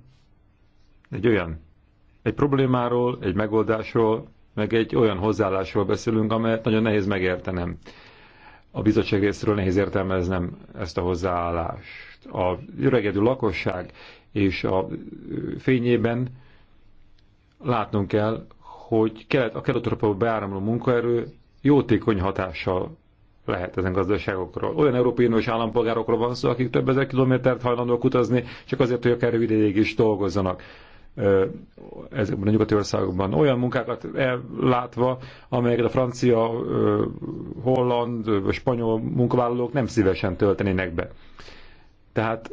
egy olyan, egy problémáról, egy megoldásról, meg egy olyan hozzáállásról beszélünk, amelyet nagyon nehéz megértenem. A bizottság részéről nehéz értelmeznem ezt a hozzáállást. A öregedő lakosság és a fényében látnunk kell, hogy kelet, a kelet beáramló munkaerő jótékony hatással lehet ezen gazdaságokról. Olyan Európai Uniós állampolgárokról van szó, akik több ezer kilométert hajlandók utazni, csak azért, hogy akár rövid ideig is dolgozzanak ezekben a nyugati országokban. Olyan munkákat ellátva, amelyeket a francia, holland, vagy spanyol munkavállalók nem szívesen töltenének be. Tehát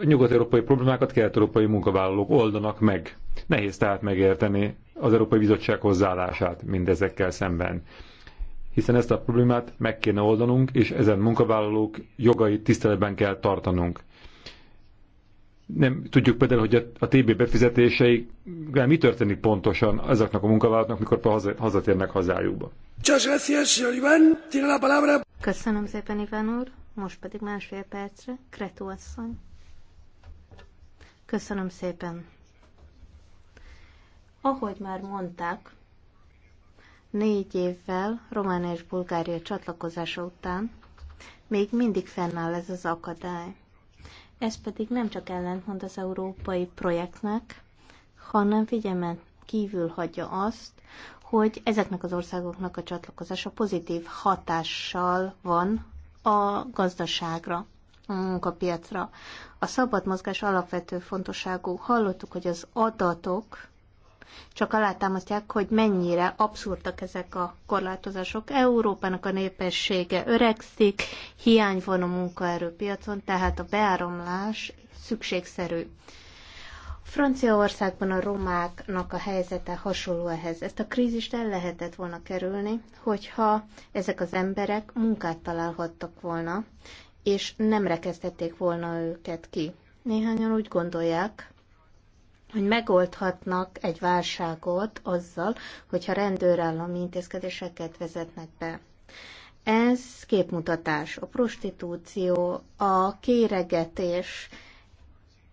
a nyugat-európai problémákat kelet-európai munkavállalók oldanak meg. Nehéz tehát megérteni az Európai Bizottság hozzáállását mindezekkel szemben hiszen ezt a problémát meg kéne oldanunk, és ezen munkavállalók jogait tiszteletben kell tartanunk. Nem tudjuk például, hogy a, TB befizetései, mi történik pontosan ezeknek a munkavállalóknak, mikor hazatérnek hazájukba. Köszönöm szépen, Iván úr. Most pedig másfél percre. Kretó asszony. Köszönöm szépen. Ahogy már mondták, négy évvel Románia és Bulgária csatlakozása után még mindig fennáll ez az akadály. Ez pedig nem csak ellentmond az európai projektnek, hanem figyelmen kívül hagyja azt, hogy ezeknek az országoknak a csatlakozása pozitív hatással van a gazdaságra, a munkapiacra. A szabad mozgás alapvető fontosságú. Hallottuk, hogy az adatok csak alátámasztják, hogy mennyire abszurdak ezek a korlátozások. Európának a népessége öregszik, hiány van a munkaerőpiacon, tehát a beáramlás szükségszerű. Franciaországban a romáknak a helyzete hasonló ehhez. Ezt a krízist el lehetett volna kerülni, hogyha ezek az emberek munkát találhattak volna, és nem rekesztették volna őket ki. Néhányan úgy gondolják, hogy megoldhatnak egy válságot azzal, hogyha rendőrállami intézkedéseket vezetnek be. Ez képmutatás, a prostitúció, a kéregetés,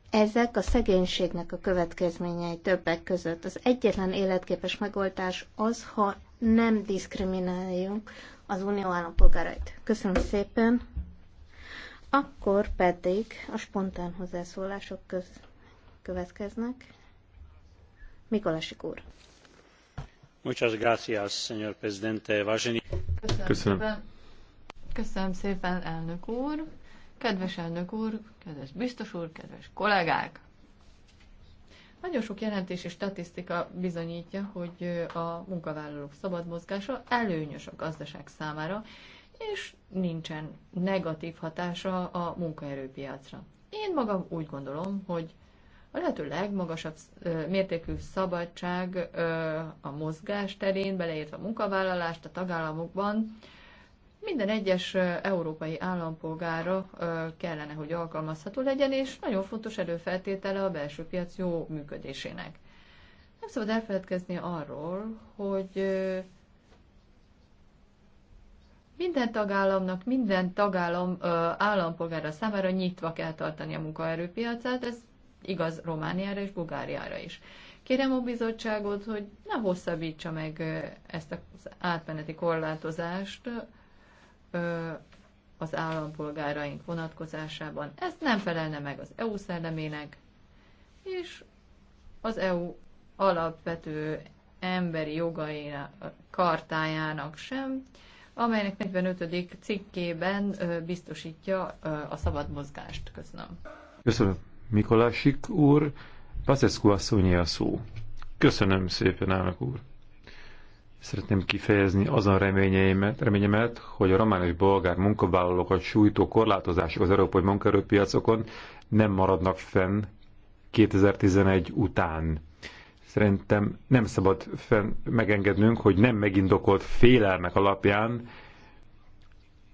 ezek a szegénységnek a következményei többek között. Az egyetlen életképes megoldás az, ha nem diszkrimináljunk az unió állampolgárait. Köszönöm szépen! Akkor pedig a spontán hozzászólások között következnek. Mikolasik úr. Muchas gracias, señor presidente. Vážený... Köszönöm, Köszönöm. Szépen. Köszönöm szépen, elnök úr. Kedves elnök úr, kedves biztos úr, kedves kollégák! Nagyon sok jelentés és statisztika bizonyítja, hogy a munkavállalók szabad mozgása előnyös a gazdaság számára, és nincsen negatív hatása a munkaerőpiacra. Én magam úgy gondolom, hogy a lehető legmagasabb mértékű szabadság a mozgás terén, beleértve a munkavállalást a tagállamokban, minden egyes európai állampolgára kellene, hogy alkalmazható legyen, és nagyon fontos előfeltétele a belső piac jó működésének. Nem szabad elfeledkezni arról, hogy minden tagállamnak, minden tagállam állampolgára számára nyitva kell tartani a munkaerőpiacát, ez igaz Romániára és Bulgáriára is. Kérem a bizottságot, hogy ne hosszabbítsa meg ezt az átmeneti korlátozást az állampolgáraink vonatkozásában. Ez nem felelne meg az EU szellemének, és az EU alapvető emberi jogainak kartájának sem, amelynek 45. cikkében biztosítja a szabad mozgást. Köszönöm. Köszönöm. Mikolásik úr, Pazescu asszonyé a szó. Köszönöm szépen, elnök úr. Szeretném kifejezni azon reményeimet, reményemet, hogy a román és bolgár munkavállalókat sújtó korlátozások az európai munkaerőpiacokon nem maradnak fenn 2011 után. Szerintem nem szabad fenn megengednünk, hogy nem megindokolt félelmek alapján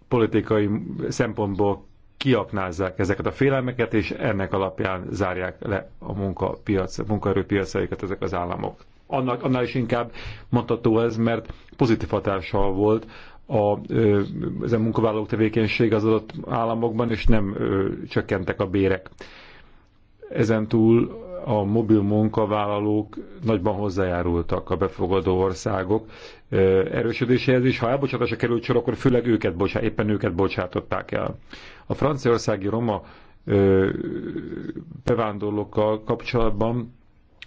politikai szempontból kiaknázzák ezeket a félelmeket, és ennek alapján zárják le a munkapiac, munkaerőpiacaikat ezek az államok. Annak, annál is inkább mondható ez, mert pozitív hatással volt a, ez a munkavállalók tevékenység az adott államokban, és nem ö, csökkentek a bérek. Ezen túl a mobil munkavállalók nagyban hozzájárultak a befogadó országok erősödéséhez, és ha elbocsátásra került sor, akkor főleg őket, bocsát éppen őket bocsátották el. A franciaországi roma ö, bevándorlókkal kapcsolatban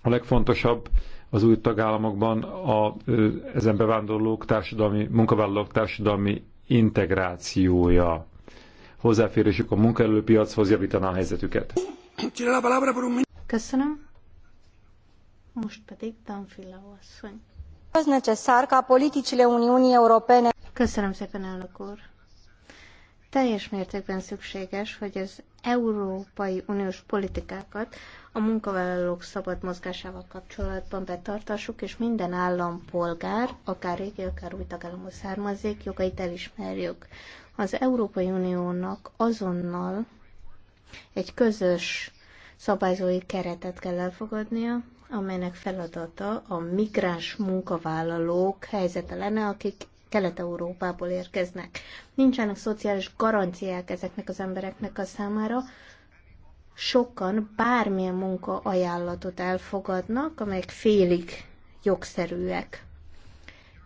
a legfontosabb az új tagállamokban a, ö, ezen bevándorlók társadalmi, munkavállalók társadalmi integrációja. Hozzáférésük a munkaerőpiachoz javítaná a helyzetüket. Köszönöm. Most pedig Danfilla asszony. Az necesar ca politicile Uniunii Europene. Köszönöm szépen, elnök úr teljes mértékben szükséges, hogy az Európai Uniós politikákat a munkavállalók szabad mozgásával kapcsolatban betartassuk, és minden állampolgár, akár régi, akár új tagállamú származik, jogait elismerjük. Az Európai Uniónak azonnal egy közös szabályzói keretet kell elfogadnia, amelynek feladata a migráns munkavállalók helyzete lenne, akik Kelet-Európából érkeznek. Nincsenek szociális garanciák ezeknek az embereknek a számára. Sokan bármilyen munka ajánlatot elfogadnak, amelyek félig jogszerűek.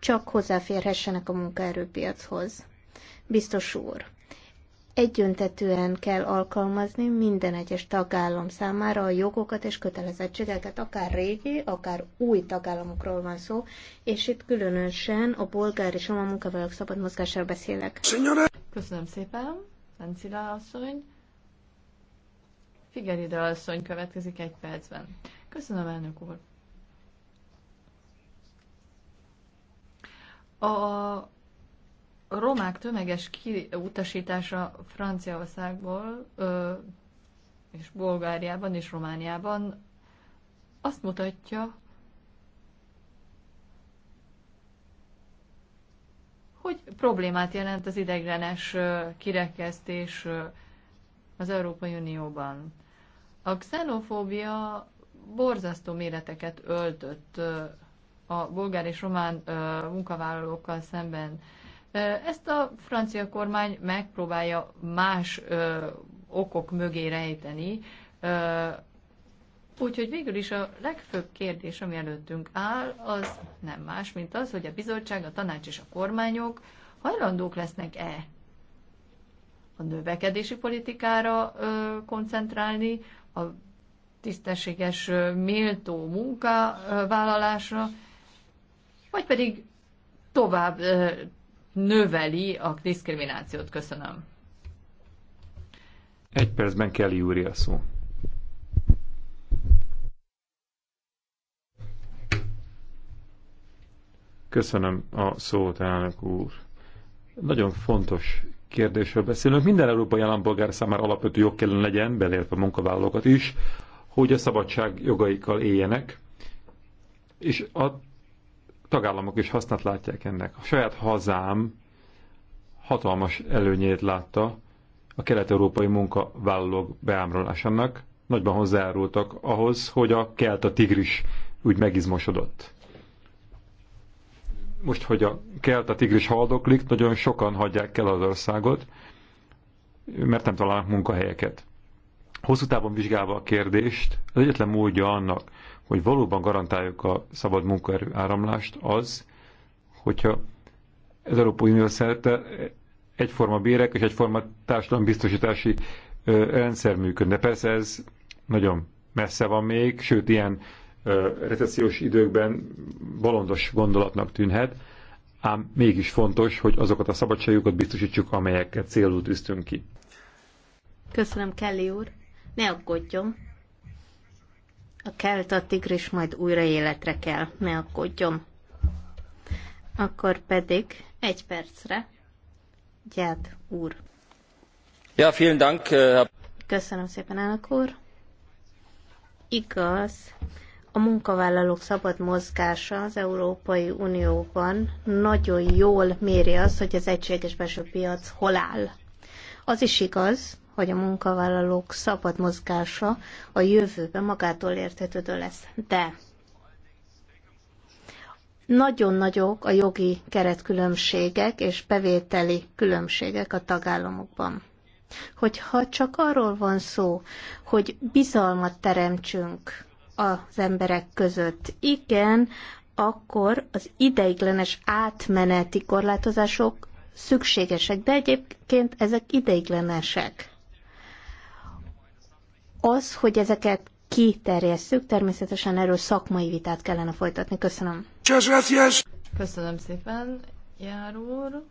Csak hozzáférhessenek a munkaerőpiachoz. Biztos úr, egyöntetően kell alkalmazni minden egyes tagállam számára a jogokat és kötelezettségeket, akár régi, akár új tagállamokról van szó, és itt különösen a bolgár és a munkavállalók szabad mozgására beszélek. Köszönöm szépen, Lencila asszony. Figerida asszony következik egy percben. Köszönöm, elnök úr. A romák tömeges kiutasítása Franciaországból ö, és Bulgáriában és Romániában azt mutatja, hogy problémát jelent az ideiglenes kirekesztés az Európai Unióban. A xenofóbia borzasztó méreteket öltött a bulgár és román munkavállalókkal szemben. Ezt a francia kormány megpróbálja más okok mögé rejteni, Úgyhogy végül is a legfőbb kérdés, ami előttünk áll, az nem más, mint az, hogy a bizottság, a tanács és a kormányok hajlandók lesznek-e a növekedési politikára ö, koncentrálni, a tisztességes, méltó munkavállalásra, vagy pedig tovább ö, növeli a diszkriminációt. Köszönöm. Egy percben Kelly úri a szó. Köszönöm a szót, elnök úr. Nagyon fontos kérdésről beszélünk. Minden európai állampolgár számára alapvető jog kellene legyen, beleértve a munkavállalókat is, hogy a szabadság jogaikkal éljenek, és a tagállamok is hasznát látják ennek. A saját hazám hatalmas előnyét látta a kelet-európai munkavállalók beámrolásának. Nagyban hozzájárultak ahhoz, hogy a kelt a tigris úgy megizmosodott. Most, hogy a kelt a tigris haldoklik, nagyon sokan hagyják el az országot, mert nem találnak munkahelyeket. Hosszú távon vizsgálva a kérdést, az egyetlen módja annak, hogy valóban garantáljuk a szabad munkaerő áramlást, az, hogyha az Európai Unió szerte egyforma bérek és egyforma biztosítási rendszer működne. Persze ez nagyon messze van még, sőt ilyen recessziós időkben balondos gondolatnak tűnhet, ám mégis fontos, hogy azokat a szabadságokat biztosítsuk, amelyeket célul tűztünk ki. Köszönöm, Kelly úr. Ne aggódjon, a kelt a tigris majd újra életre kell, ne aggódjon. Akkor pedig egy percre. Gyád úr. Ja, vielen Dank. Äh, Köszönöm szépen, elnök úr. Igaz, a munkavállalók szabad mozgása az Európai Unióban nagyon jól méri azt, hogy az egységes belső piac hol áll. Az is igaz, hogy a munkavállalók szabad mozgása a jövőben magától értetődő lesz. De nagyon nagyok a jogi keretkülönbségek és bevételi különbségek a tagállamokban. Hogyha csak arról van szó, hogy bizalmat teremtsünk az emberek között, igen, akkor az ideiglenes átmeneti korlátozások szükségesek, de egyébként ezek ideiglenesek. Az, hogy ezeket kiterjesszük, természetesen erről szakmai vitát kellene folytatni. Köszönöm. Köszönöm szépen, Jár úr.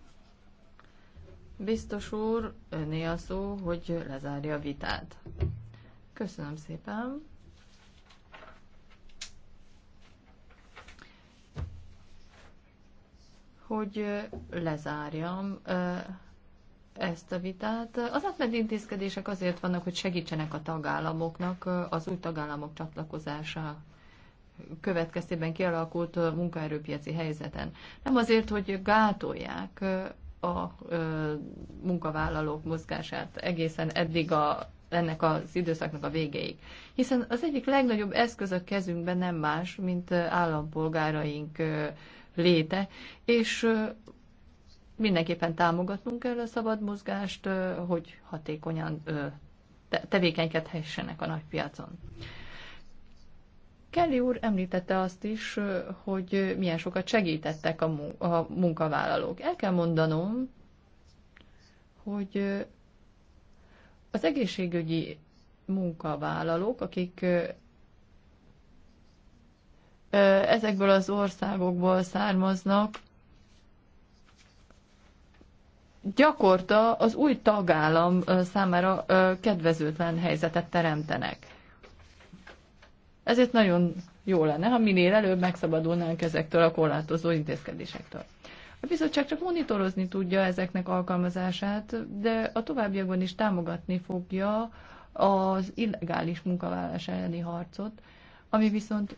Biztos úr, öné a szó, hogy lezárja a vitát. Köszönöm szépen. Hogy lezárjam ezt a vitát. Az átmeneti intézkedések azért vannak, hogy segítsenek a tagállamoknak az új tagállamok csatlakozása következtében kialakult munkaerőpiaci helyzeten. Nem azért, hogy gátolják a munkavállalók mozgását egészen eddig a, ennek az időszaknak a végéig. Hiszen az egyik legnagyobb eszköz a kezünkben nem más, mint állampolgáraink léte, és mindenképpen támogatnunk kell a szabad mozgást, hogy hatékonyan tevékenykedhessenek a nagypiacon. Kelly úr említette azt is, hogy milyen sokat segítettek a munkavállalók. El kell mondanom, hogy az egészségügyi munkavállalók, akik ezekből az országokból származnak, gyakorta az új tagállam számára kedvezőtlen helyzetet teremtenek. Ezért nagyon jó lenne, ha minél előbb megszabadulnánk ezektől a korlátozó intézkedésektől. A bizottság csak monitorozni tudja ezeknek alkalmazását, de a továbbiakban is támogatni fogja az illegális munkavállalás elleni harcot, ami viszont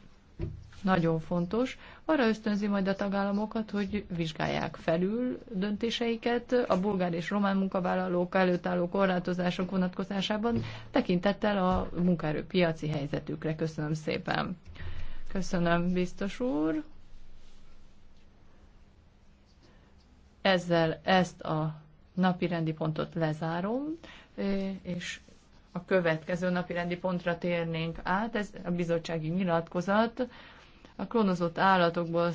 nagyon fontos, arra ösztönzi majd a tagállamokat, hogy vizsgálják felül döntéseiket a bulgár és román munkavállalók előtt álló korlátozások vonatkozásában, tekintettel a munkaerőpiaci helyzetükre. Köszönöm szépen. Köszönöm, biztos úr. Ezzel ezt a napi rendi pontot lezárom, és a következő napi rendi pontra térnénk át, ez a bizottsági nyilatkozat, a klónozott állatokból